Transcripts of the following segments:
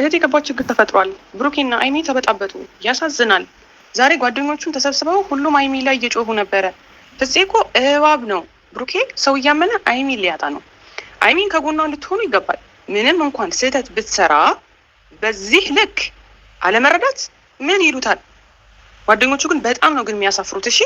እህቴ የገባት ችግር ተፈጥሯል። ብሩኬና አይሚ ተበጣበጡ። ያሳዝናል። ዛሬ ጓደኞቹን ተሰብስበው ሁሉም አይሚ ላይ እየጮሁ ነበረ። ፍፄ እኮ እባብ ነው። ብሩኬ ሰው እያመነ አይሚ ሊያጣ ነው። አይሚን ከጎኗ እንድትሆኑ ይገባል። ምንም እንኳን ስህተት ብትሰራ በዚህ ልክ አለመረዳት ምን ይሉታል? ጓደኞቹ ግን በጣም ነው ግን የሚያሳፍሩት። እሺ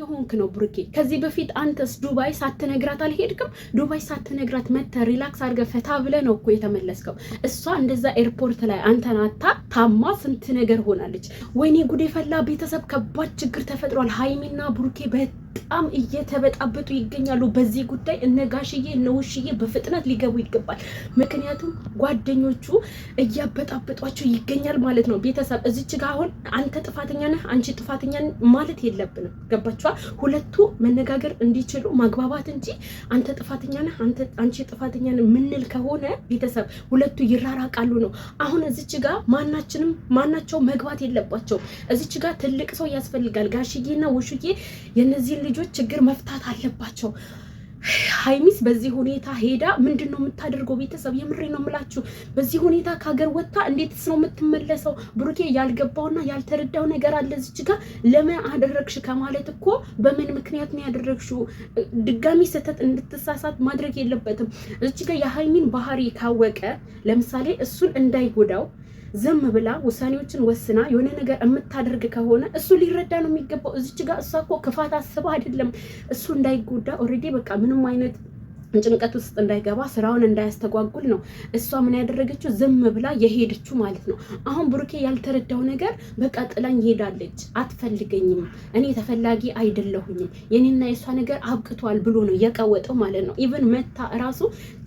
የሆንክ ነው ብሩኬ። ከዚህ በፊት አንተስ ዱባይ ሳትነግራት አልሄድክም? ዱባይ ሳትነግራት መተ ሪላክስ አድርገ ፈታ ብለ ነው እኮ የተመለስከው። እሷ እንደዛ ኤርፖርት ላይ አንተን አታ ታማ ስንት ነገር ሆናለች። ወይኔ ጉድ የፈላ ቤተሰብ፣ ከባድ ችግር ተፈጥሯል። ሀይሚና ብሩኬ በት በጣም እየተበጣበጡ ይገኛሉ። በዚህ ጉዳይ እነ ጋሽዬ እነ ውሽዬ በፍጥነት ሊገቡ ይገባል። ምክንያቱም ጓደኞቹ እያበጣበጧቸው ይገኛል ማለት ነው። ቤተሰብ እዚች ጋ አሁን አንተ ጥፋተኛ ነህ፣ አንቺ ጥፋተኛ ማለት የለብንም። ገባችኋል? ሁለቱ መነጋገር እንዲችሉ ማግባባት እንጂ አንተ ጥፋተኛ ነህ፣ አንቺ ጥፋተኛ ነህ ምንል ከሆነ ቤተሰብ ሁለቱ ይራራቃሉ ነው። አሁን እዚች ጋ ማናችንም ማናቸው መግባት የለባቸው። እዚች ጋ ትልቅ ሰው ያስፈልጋል። ጋሽዬና ውሽዬ የነዚህ ልጆች ችግር መፍታት አለባቸው። ሀይሚስ በዚህ ሁኔታ ሄዳ ምንድን ነው የምታደርገው? ቤተሰብ የምሬ ነው የምላችሁ። በዚህ ሁኔታ ከሀገር ወጥታ እንዴትስ ነው የምትመለሰው? ብሩኬ ያልገባውና ያልተረዳው ነገር አለ እዚች ጋ። ለምን አደረግሽ ከማለት እኮ በምን ምክንያት ነው ያደረግሽው? ድጋሚ ስህተት እንድትሳሳት ማድረግ የለበትም። እዚች ጋ። የሀይሚን ባህሪ ካወቀ ለምሳሌ እሱን እንዳይጎዳው ዝም ብላ ውሳኔዎችን ወስና የሆነ ነገር የምታደርግ ከሆነ እሱ ሊረዳ ነው የሚገባው። እዚች ጋር እሷ እኮ ክፋት አስባ አይደለም እሱ እንዳይጎዳ ኦልሬዲ በቃ ምንም አይነት ጭንቀት ውስጥ እንዳይገባ ስራውን እንዳያስተጓጉል ነው እሷ ምን ያደረገችው ዝም ብላ የሄደችው ማለት ነው። አሁን ብሩኬ ያልተረዳው ነገር በቃ ጥላኝ ሄዳለች፣ አትፈልገኝም፣ እኔ ተፈላጊ አይደለሁኝም፣ የኔና የእሷ ነገር አብቅቷል ብሎ ነው የቀወጠው ማለት ነው። ኢቨን መታ እራሱ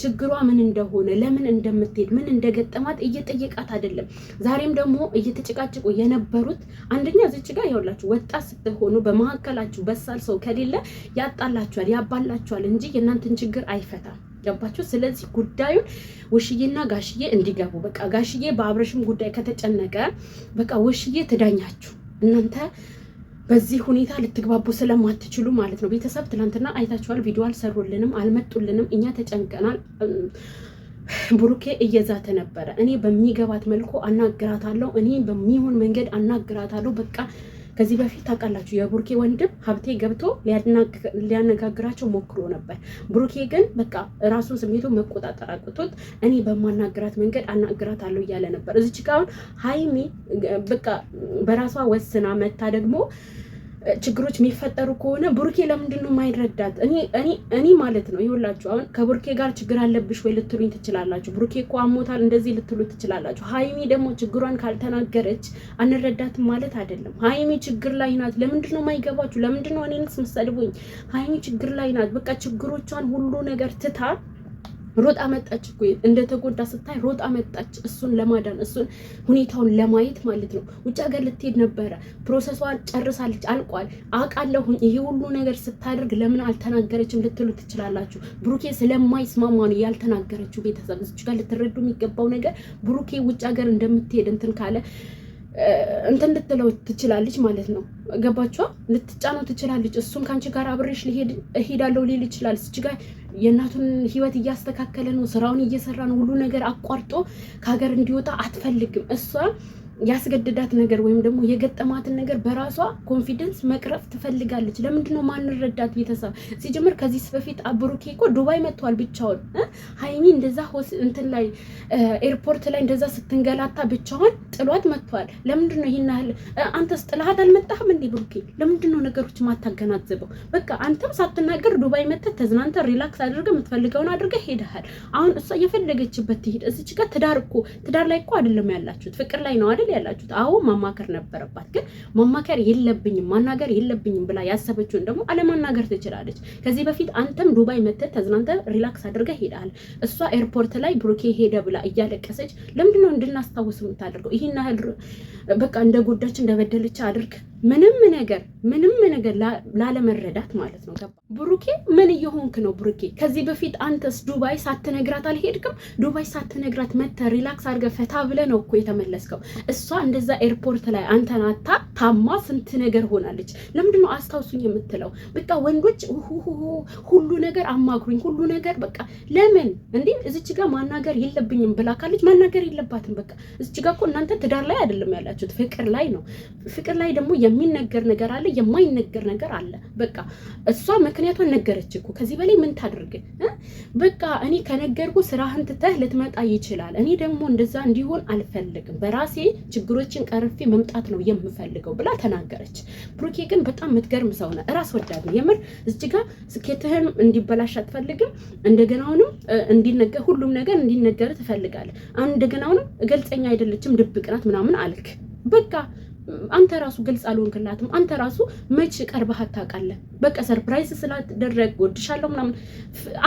ችግሯ ምን እንደሆነ ለምን እንደምትሄድ ምን እንደገጠማት እየጠየቃት አይደለም። ዛሬም ደግሞ እየተጨቃጨቁ የነበሩት አንደኛ እዚች ጋር ያውላችሁ ወጣት ስትሆኑ በመካከላችሁ በሳል ሰው ከሌለ ያጣላችኋል፣ ያባላችኋል እንጂ የእናንተን ችግር አይፈታም። ገባችሁ? ስለዚህ ጉዳዩን ውሽዬና ጋሽዬ እንዲገቡ በቃ ጋሽዬ በአብረሽም ጉዳይ ከተጨነቀ በቃ ውሽዬ ትዳኛችሁ እናንተ በዚህ ሁኔታ ልትግባቡ ስለማትችሉ ማለት ነው። ቤተሰብ ትናንትና አይታችኋል። ቪዲዮ አልሰሩልንም፣ አልመጡልንም። እኛ ተጨንቀናል። ብሩኬ እየዛተ ነበረ። እኔ በሚገባት መልኩ አናግራታለሁ፣ እኔ በሚሆን መንገድ አናግራታለሁ። በቃ ከዚህ በፊት ታውቃላችሁ የብሩኬ ወንድም ሀብቴ ገብቶ ሊያነጋግራቸው ሞክሮ ነበር። ብሩኬ ግን በቃ ራሱን ስሜቱ መቆጣጠር አቅቶት እኔ በማናግራት መንገድ አለው እያለ ነበር። እዚች ጋ አሁን ሀይሚ በቃ በራሷ ወስና መታ ደግሞ ችግሮች የሚፈጠሩ ከሆነ ቡርኬ ለምንድን ነው የማይረዳት? እኔ ማለት ነው ይሁላችሁ። አሁን ከቡርኬ ጋር ችግር አለብሽ ወይ ልትሉኝ ትችላላችሁ። ቡርኬ እኮ አሞታል እንደዚህ ልትሉ ትችላላችሁ። ሀይሚ ደግሞ ችግሯን ካልተናገረች አንረዳትም ማለት አይደለም። ሀይሚ ችግር ላይ ናት። ለምንድን ነው የማይገባችሁ? ለምንድን ነው እኔንስ ምሰድቡኝ? ሀይሚ ችግር ላይ ናት። በቃ ችግሮቿን ሁሉ ነገር ትታ ሮጣ መጣች እኮ እንደተጎዳ ስታይ ሮጣ መጣች። እሱን ለማዳን እሱን ሁኔታውን ለማየት ማለት ነው። ውጭ ሀገር ልትሄድ ነበረ። ፕሮሰሷ ጨርሳለች፣ አልቋል። አውቃለሁኝ ይሄ ሁሉ ነገር ስታደርግ ለምን አልተናገረችም ልትሉ ትችላላችሁ። ብሩኬ ስለማይስማማ ነው ያልተናገረችው። ቤተሰብ እዚች ጋር ልትረዱ የሚገባው ነገር ብሩኬ ውጭ ሀገር እንደምትሄድ እንትን ካለ እንትን ልትለው ትችላለች ማለት ነው። ገባችኋ? ልትጫነው ትችላለች። እሱም ከአንቺ ጋር አብሬሽ እሄዳለሁ ሊል ይችላል። እዚች ጋር የእናቱን ህይወት እያስተካከለ ነው፣ ስራውን እየሰራ ነው። ሁሉ ነገር አቋርጦ ከሀገር እንዲወጣ አትፈልግም እሷ ያስገደዳት ነገር ወይም ደግሞ የገጠማትን ነገር በራሷ ኮንፊደንስ መቅረፍ ትፈልጋለች። ለምንድነው ማንረዳት? ቤተሰብ ሲጀምር ከዚህ በፊት አብሩኬ እኮ ዱባይ መጥቷል ብቻውን። ሀይሚ እንደዛ እንትን ላይ ኤርፖርት ላይ እንደዛ ስትንገላታ ብቻውን ጥሏት መጥቷል። ለምንድነው ይህን ያህል አንተስ ጥልሃት አልመጣህም እንዴ ብሩኬ? ለምንድነው ነገሮች ማታገናዘበው? በቃ አንተም ሳትናገር ዱባይ መጥተህ ተዝናንተ ሪላክስ አድርገ የምትፈልገውን አድርገ ሄደሃል። አሁን እሷ የፈለገችበት ትሄድ። እዚች ጋር ትዳር እኮ ትዳር ላይ እኮ አይደለም ያላችሁት፣ ፍቅር ላይ ነው አይደል አይደል ያላችሁት? አዎ ማማከር ነበረባት፣ ግን ማማከር የለብኝም ማናገር የለብኝም ብላ ያሰበችውን ደግሞ አለማናገር ትችላለች። ከዚህ በፊት አንተም ዱባይ መተህ ተዝናንተ ሪላክስ አድርገህ ሄደሃል። እሷ ኤርፖርት ላይ ብሩኬ ሄደ ብላ እያለቀሰች ለምንድነው ነው እንድናስታውስ የምታደርገው? ይህን ያህል በቃ እንደ ጎዳች እንደበደለች አድርግ ምንም ነገር ምንም ነገር ላለመረዳት ማለት ነው። ገባ ብሩኬ፣ ምን እየሆንክ ነው ብሩኬ? ከዚህ በፊት አንተስ ዱባይ ሳትነግራት አልሄድክም? ዱባይ ሳትነግራት መተህ ሪላክስ አድርገህ ፈታ ብለህ ነው እኮ የተመለስከው። እሷ እንደዛ ኤርፖርት ላይ አንተን አታ ታማ ስንት ነገር ሆናለች። ለምንድን ነው አስታውሱኝ የምትለው? በቃ ወንዶች ሁሉ ነገር አማክሩኝ፣ ሁሉ ነገር በቃ ለምን እንዴ እዚች ጋር ማናገር የለብኝም ብላ ካለች ማናገር የለባትም። በቃ እዚች ጋር እኮ እናንተ ትዳር ላይ አይደለም ያላችሁት፣ ፍቅር ላይ ነው። ፍቅር ላይ ደግሞ የሚነገር ነገር አለ፣ የማይነገር ነገር አለ። በቃ እሷ ምክንያቷን ነገረች እኮ ከዚህ በላይ ምን ታደርግ? በቃ እኔ ከነገርኩ ስራህን ትተህ ልትመጣ ይችላል። እኔ ደግሞ እንደዛ እንዲሆን አልፈልግም በራሴ ችግሮችን ቀርፌ መምጣት ነው የምፈልገው ብላ ተናገረች። ብሩኬ ግን በጣም የምትገርም ሰው ነው። ራስ ወዳድ ነው የምር። እዚህ ጋ ስኬትህን እንዲበላሽ አትፈልግም። እንደገናውንም እንዲነገር ሁሉም ነገር እንዲነገር ትፈልጋለህ። አሁን እንደገናውንም እገልጸኛ አይደለችም ድብቅ ናት ምናምን አልክ። በቃ አንተ ራሱ ግልጽ አልሆንክላትም። አንተ ራሱ መች ቀርበሃት ታውቃለህ? በቃ ሰርፕራይዝ ስላደረግ ወድሻለሁ ምናምን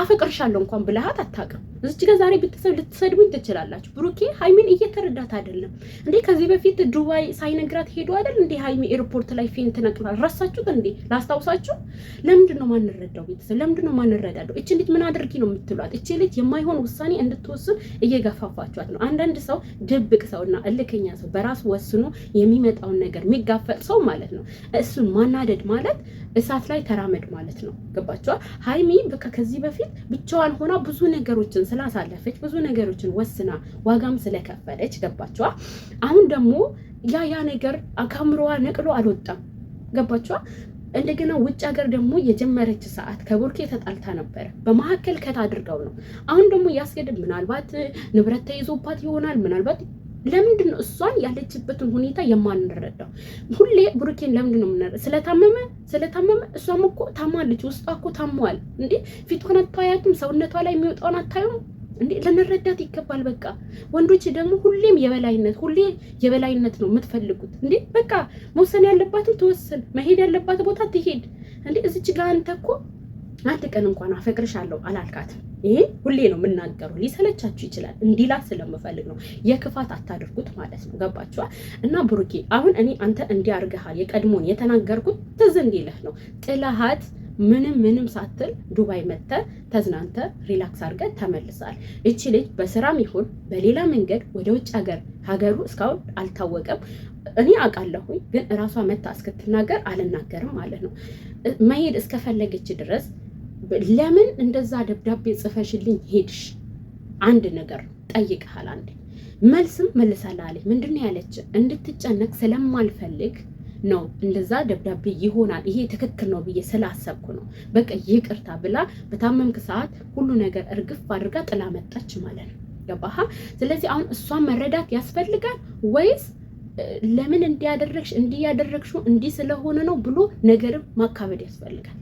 አፈቅርሻለሁ እንኳን ብለሃት አታውቅም። እዚች ጋር ዛሬ ብትሰብ ልትሰድቡኝ ትችላላችሁ። ብሩኬ ሀይሚን እየተረዳት አይደለም እንዴ? ከዚህ በፊት ዱባይ ሳይነግራት ሄዶ አይደል እንዴ? ሀይሚ ኤርፖርት ላይ ፌንት ነቅሏል። ረሳችሁት እንዴ? ላስታውሳችሁ። ለምንድን ነው ማንረዳው? ቤተሰብ ለምንድን ነው ማንረዳደው? እቺ ልጅ ምን አድርጊ ነው የምትሏት? እቺ ልጅ የማይሆን ውሳኔ እንድትወስን እየገፋፋችኋት ነው። አንዳንድ ሰው ድብቅ ሰውና እልከኛ ሰው በራሱ ወስኖ የሚመጣው የሚመጣውን ነገር የሚጋፈጥ ሰው ማለት ነው። እሱን ማናደድ ማለት እሳት ላይ ተራመድ ማለት ነው። ገባችኋል? ሀይሚ ከዚህ በፊት ብቻዋን ሆና ብዙ ነገሮችን ስላሳለፈች ብዙ ነገሮችን ወስና ዋጋም ስለከፈለች ገባችኋል? አሁን ደግሞ ያ ያ ነገር አካምሮዋ ነቅሎ አልወጣም። ገባችኋል? እንደገና ውጭ ሀገር ደግሞ የጀመረች ሰዓት ከቡርኬ ተጣልታ ነበረ። በመካከል ከት አድርገው ነው። አሁን ደግሞ ያስገድም ምናልባት ንብረት ተይዞባት ይሆናል ምናልባት ለምንድን ነው እሷን ያለችበትን ሁኔታ የማንረዳው? ሁሌ ብሩኬን ለምንድን ነው የምንረዳ? ስለታመመ ስለታመመ እሷም እኮ ታማለች። ውስጧ እኮ ታሟል እንዴ! ፊቷን አታያትም? ሰውነቷ ላይ የሚወጣውን አታዩም? እንዴ ልንረዳት ይገባል። በቃ ወንዶች ደግሞ ሁሌም የበላይነት ሁሌ የበላይነት ነው የምትፈልጉት። እንዴ በቃ መውሰን ያለባትም ትወስን፣ መሄድ ያለባት ቦታ ትሄድ። እንዴ እዚች ጋር አንተ እኮ አንድ ቀን እንኳን አፈቅርሻለሁ አላልካት። ይሄ ሁሌ ነው የምናገረው። ሊሰለቻችሁ ይችላል፣ እንዲላ ስለምፈልግ ነው። የክፋት አታድርጉት ማለት ነው። ገባችኋል? እና ብሩኬ አሁን እኔ አንተ እንዲህ የቀድሞን የተናገርኩት ትዝ እንዲልህ ነው። ጥላሃት ምንም ምንም ሳትል ዱባይ መጥተ ተዝናንተ ሪላክስ አድርገ ተመልሳል። እቺ ልጅ በስራም ይሁን በሌላ መንገድ ወደ ውጭ ሀገር ሀገሩ እስካሁን አልታወቀም። እኔ አውቃለሁኝ፣ ግን እራሷ መታ እስክትናገር አልናገርም ማለት ነው መሄድ እስከፈለገች ድረስ ለምን እንደዛ ደብዳቤ ጽፈሽልኝ ሄድሽ? አንድ ነገር ጠይቀሃል። አንድ መልስም መልሳላለ። ምንድን ነው ያለች? እንድትጨነቅ ስለማልፈልግ ነው እንደዛ ደብዳቤ ይሆናል ይሄ ትክክል ነው ብዬ ስላሰብኩ ነው። በቃ ይቅርታ ብላ በታመምክ ሰዓት ሁሉ ነገር እርግፍ አድርጋ ጥላ መጣች ማለት ነው። ገባህ? ስለዚህ አሁን እሷን መረዳት ያስፈልጋል ወይስ ለምን እንዲያደረግሽ እንዲያደረግሽው እንዲህ ስለሆነ ነው ብሎ ነገርም ማካበድ ያስፈልጋል።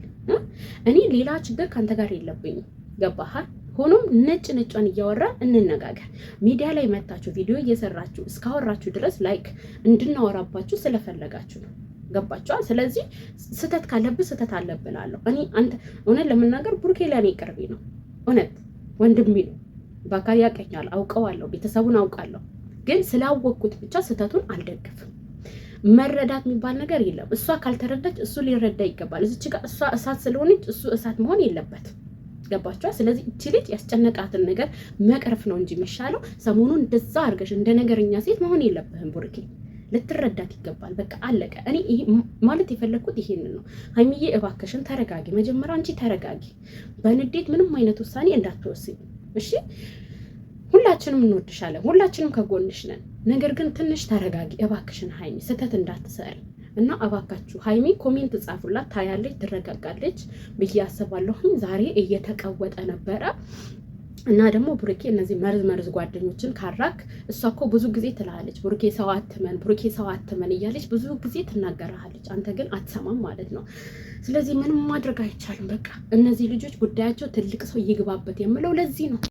እኔ ሌላ ችግር ከአንተ ጋር የለብኝም። ገባሃል? ሆኖም ነጭ ነጯን እያወራን እንነጋገር። ሚዲያ ላይ መታችሁ ቪዲዮ እየሰራችሁ እስካወራችሁ ድረስ ላይክ እንድናወራባችሁ ስለፈለጋችሁ ነው። ገባችኋል? ስለዚህ ስህተት ካለብህ ስህተት አለብን አለሁ እኔ አንተ እውነት ለመናገር ቡርኬ ለእኔ ቅርቤ ነው። እውነት ወንድሜ ነው። በአካል ያቀኛል፣ አውቀዋለሁ፣ ቤተሰቡን አውቃለሁ። ግን ስላወቅኩት ብቻ ስህተቱን አልደግፍም። መረዳት የሚባል ነገር የለም። እሷ ካልተረዳች እሱ ሊረዳ ይገባል። እዚች ጋር እሷ እሳት ስለሆነች እሱ እሳት መሆን የለበት። ገባችኋል? ስለዚህ እቺ ልጅ ያስጨነቃትን ነገር መቅረፍ ነው እንጂ የሚሻለው። ሰሞኑን እንደዛ አድርገሽ እንደ ነገረኛ ሴት መሆን የለብህም ቡርኬ ልትረዳት ይገባል። በቃ አለቀ። እኔ ማለት የፈለግኩት ይሄንን ነው። ሀይሚዬ እባከሽን ተረጋጊ። መጀመሪያ አንቺ ተረጋጊ። በንዴት ምንም አይነት ውሳኔ እንዳትወስኝ እሺ። ሁላችንም እንወድሻለን፣ ሁላችንም ከጎንሽ ነን። ነገር ግን ትንሽ ተረጋጊ እባክሽን ሀይሚ፣ ስህተት እንዳትሰሪ እና እባካችሁ ሀይሚ ኮሜንት ጻፉላት፣ ታያለች፣ ትረጋጋለች ብዬ አስባለሁኝ። ዛሬ እየተቀወጠ ነበረ እና ደግሞ ብሩኬ እነዚህ መርዝ መርዝ ጓደኞችን ካራክ። እሷ እኮ ብዙ ጊዜ ትላለች፣ ብሩኬ ሰው አትመን፣ ብሩኬ ሰው አትመን እያለች ብዙ ጊዜ ትናገራለች። አንተ ግን አትሰማም ማለት ነው። ስለዚህ ምንም ማድረግ አይቻልም። በቃ እነዚህ ልጆች ጉዳያቸው ትልቅ ሰው ይግባበት የምለው ለዚህ ነው።